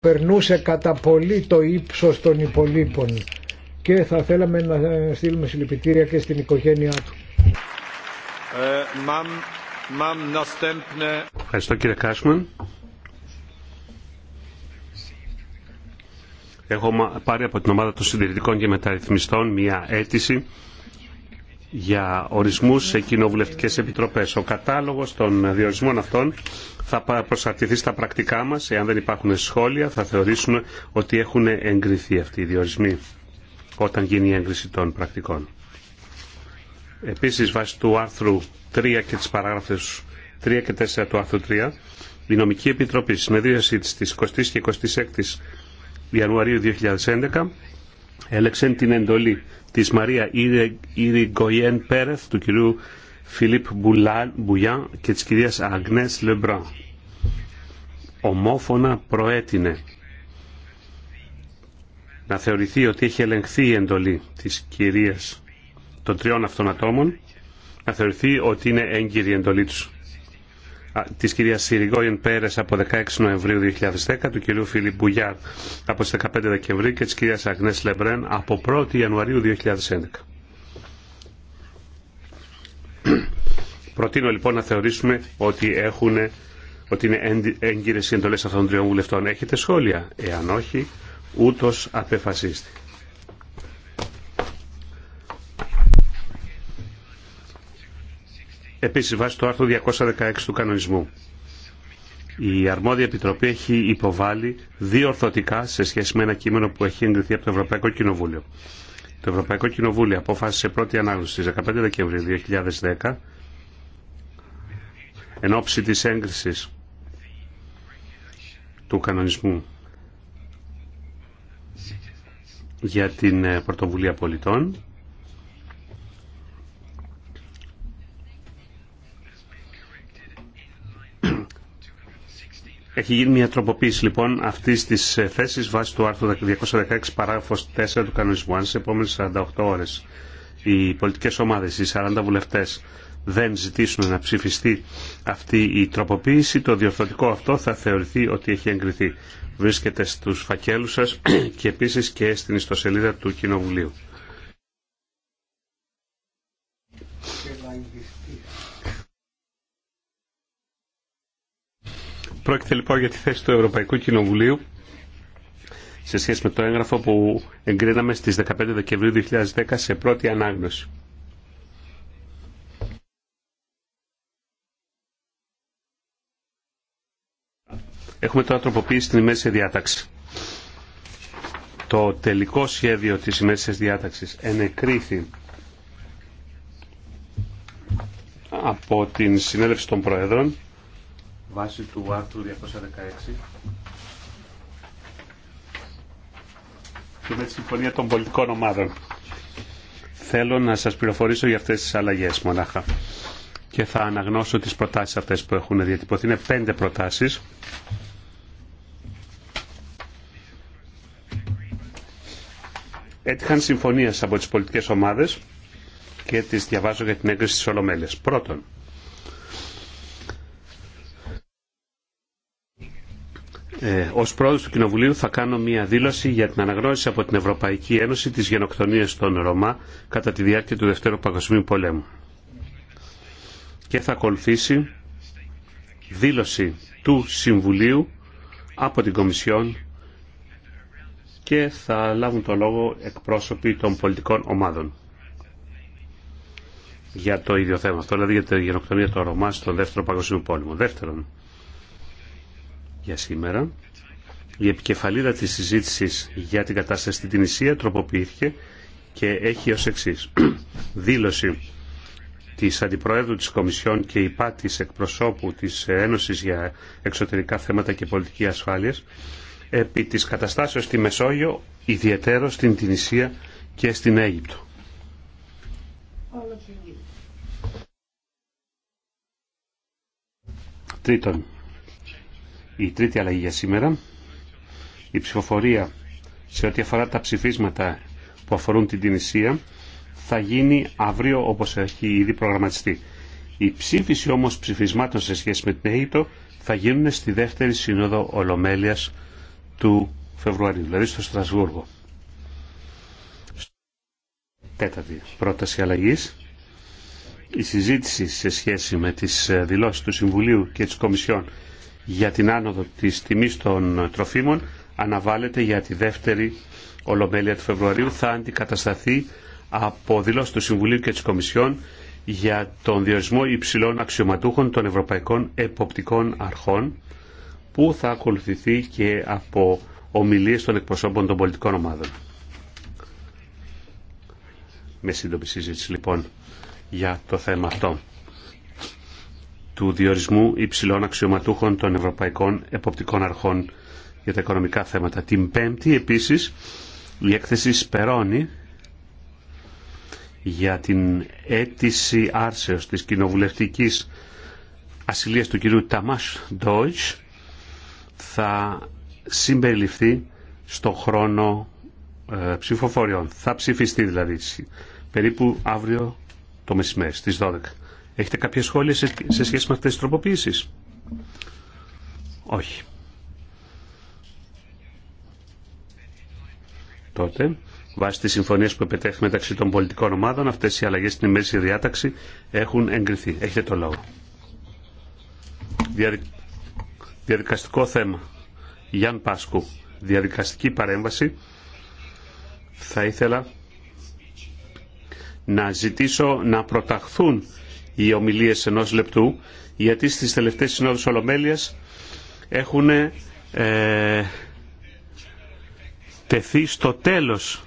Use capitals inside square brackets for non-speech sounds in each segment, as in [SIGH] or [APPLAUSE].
περνούσε κατά πολύ το ύψος των υπολείπων και θα θέλαμε να στείλουμε συλληπιτήρια και στην οικογένειά του. Ε, Ευχαριστώ κύριε Κάσμαν. Έχω πάρει από την ομάδα των συντηρητικών και μεταρρυθμιστών μία αίτηση για ορισμούς σε κοινοβουλευτικές επιτροπές. Ο κατάλογος των διορισμών αυτών θα προσαρτηθεί στα πρακτικά μας. Εάν δεν υπάρχουν σχόλια θα θεωρήσουμε ότι έχουν εγκριθεί αυτοί οι διορισμοί όταν γίνει η έγκριση των πρακτικών. Επίσης βάσει του άρθρου 3 και της παράγραφης 3 και 4 του άρθρου 3 η Νομική Επιτροπή συνεδρίαση της 20 και 26 Ιανουαρίου 2011 έλεξαν την εντολή της Μαρία Ιριγκοϊέν Πέρεθ, του κυρίου Φιλίπ Μπουγιάν και της κυρίας Αγνές Λεμπράν. Ομόφωνα προέτεινε να θεωρηθεί ότι έχει ελεγχθεί η εντολή της κυρίας των τριών αυτών ατόμων, να θεωρηθεί ότι είναι έγκυρη η εντολή τους. Τη κυρία Σιριγόιεν Πέρε από 16 Νοεμβρίου 2010, του κυρίου Φίλιπ Μπουγιάρ από τι 15 Δεκεμβρίου και τη κυρια αγνε Αγνές Λεμπρέν από 1η Ιανουαρίου 2011. Προτείνω λοιπόν να θεωρήσουμε ότι, έχουν, ότι είναι έγκυρες οι εντολές αυτών των τριών βουλευτών. Έχετε σχόλια. Εάν όχι, ούτως απεφασίστη. Επίση, βάσει το άρθρο 216 του κανονισμού, η αρμόδια επιτροπή έχει υποβάλει δύο ορθωτικά σε σχέση με ένα κείμενο που έχει εγκριθεί από το Ευρωπαϊκό Κοινοβούλιο. Το Ευρωπαϊκό Κοινοβούλιο αποφάσισε πρώτη ανάγνωση στις 15 Δεκεμβρίου 2010 εν ώψη της έγκρισης του κανονισμού για την ε, πρωτοβουλία πολιτών Έχει γίνει μια τροποποίηση λοιπόν αυτή τη ε, θέση βάσει του άρθρου 216 παράγραφο 4 του κανονισμού. Αν στι επόμενε 48 ώρε οι πολιτικέ ομάδε, οι 40 βουλευτέ δεν ζητήσουν να ψηφιστεί αυτή η τροποποίηση, το διορθωτικό αυτό θα θεωρηθεί ότι έχει εγκριθεί. Βρίσκεται στους φακέλους σας [CLEARS THROAT] και επίση και στην ιστοσελίδα του Κοινοβουλίου. Πρόκειται λοιπόν για τη θέση του Ευρωπαϊκού Κοινοβουλίου σε σχέση με το έγγραφο που εγκρίναμε στις 15 Δεκεμβρίου 2010 σε πρώτη ανάγνωση. Έχουμε τώρα τροποποιήσει στην ημέρησια διάταξη. Το τελικό σχέδιο της ημέρησιας διάταξης ενεκρίθη από την συνέλευση των Προέδρων Βάση του άρθρου 216 και με τη συμφωνία των πολιτικών ομάδων. Θέλω να σας πληροφορήσω για αυτές τις αλλαγές μονάχα και θα αναγνώσω τις προτάσεις αυτές που έχουν διατυπωθεί. Είναι πέντε προτάσεις. Έτυχαν συμφωνίες από τις πολιτικές ομάδες και τις διαβάζω για την έγκριση της Ολομέλειας. Πρώτον, ε, ως πρόεδρος του Κοινοβουλίου θα κάνω μια δήλωση για την αναγνώριση από την Ευρωπαϊκή Ένωση της γενοκτονίας των Ρωμά κατά τη διάρκεια του Δευτέρου Παγκοσμίου Πολέμου. Και θα ακολουθήσει δήλωση του Συμβουλίου από την Κομισιόν και θα λάβουν το λόγο εκπρόσωποι των πολιτικών ομάδων για το ίδιο θέμα αυτό, δηλαδή για τη γενοκτονία των Ρωμά στον Δεύτερο Παγκοσμίου Πόλεμο. Δεύτερον, για σήμερα. Η επικεφαλίδα της συζήτησης για την κατάσταση στην Τινησία τροποποιήθηκε και έχει ως εξή. [CLEARS THROAT] Δήλωση της Αντιπροέδρου της Κομισιόν και υπά της εκπροσώπου της Ένωσης για Εξωτερικά Θέματα και Πολιτική Ασφάλειας επί της καταστάσεως στη Μεσόγειο, ιδιαίτερο στην Τινησία και στην Αίγυπτο. Τρίτον, η τρίτη αλλαγή για σήμερα. Η ψηφοφορία σε ό,τι αφορά τα ψηφίσματα που αφορούν την Τινησία θα γίνει αύριο όπως έχει ήδη προγραμματιστεί. Η ψήφιση όμως ψηφισμάτων σε σχέση με την ΑΕΤΟ θα γίνουν στη δεύτερη σύνοδο Ολομέλειας του Φεβρουαρίου, δηλαδή στο Στρασβούργο. Τέταρτη πρόταση αλλαγής. Η συζήτηση σε σχέση με τις δηλώσεις του Συμβουλίου και της Κομισιόν για την άνοδο της τιμής των τροφίμων αναβάλλεται για τη δεύτερη ολομέλεια του Φεβρουαρίου θα αντικατασταθεί από δηλώσει του Συμβουλίου και της Κομισιόν για τον διορισμό υψηλών αξιωματούχων των Ευρωπαϊκών Εποπτικών Αρχών που θα ακολουθηθεί και από ομιλίες των εκπροσώπων των πολιτικών ομάδων. Με σύντομη συζήτηση λοιπόν για το θέμα αυτό του διορισμού υψηλών αξιωματούχων των Ευρωπαϊκών Εποπτικών Αρχών για τα οικονομικά θέματα. Την Πέμπτη επίσης η έκθεση Σπερώνη για την αίτηση άρσεως της κοινοβουλευτικής ασυλίας του κυρίου Ταμάς Ντόιτς θα συμπεριληφθεί στον χρόνο ε, ψηφοφοριών. Θα ψηφιστεί δηλαδή περίπου αύριο το μεσημέρι στις 12. Έχετε κάποια σχόλια σε, σχέση με αυτές τις τροποποίησεις. Όχι. Τότε, βάσει τις συμφωνίες που επιτέχει μεταξύ των πολιτικών ομάδων, αυτές οι αλλαγές στην ημέρηση διάταξη έχουν εγκριθεί. Έχετε το λόγο. Διαδικαστικό θέμα. Γιάν Πάσκου. Διαδικαστική παρέμβαση. Θα ήθελα να ζητήσω να προταχθούν οι ομιλίε ενό λεπτού, γιατί στις τελευταίες συνόδους Ολομέλειας έχουν ε, τεθεί στο τέλος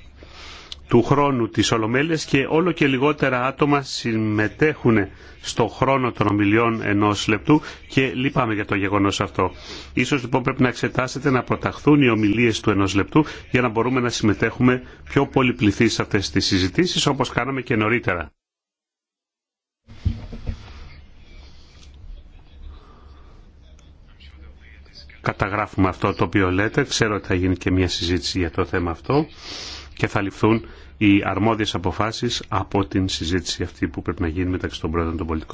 του χρόνου της Ολομέλειας και όλο και λιγότερα άτομα συμμετέχουν στο χρόνο των ομιλιών ενός λεπτού και λυπάμαι για το γεγονός αυτό. Ίσως λοιπόν πρέπει να εξετάσετε να προταχθούν οι ομιλίες του ενός λεπτού για να μπορούμε να συμμετέχουμε πιο πολυπληθείς σε αυτές τις συζητήσεις όπως κάναμε και νωρίτερα. καταγράφουμε αυτό το οποίο λέτε. Ξέρω ότι θα γίνει και μια συζήτηση για το θέμα αυτό και θα ληφθούν οι αρμόδιες αποφάσεις από την συζήτηση αυτή που πρέπει να γίνει μεταξύ των πρόεδρων των πολιτικών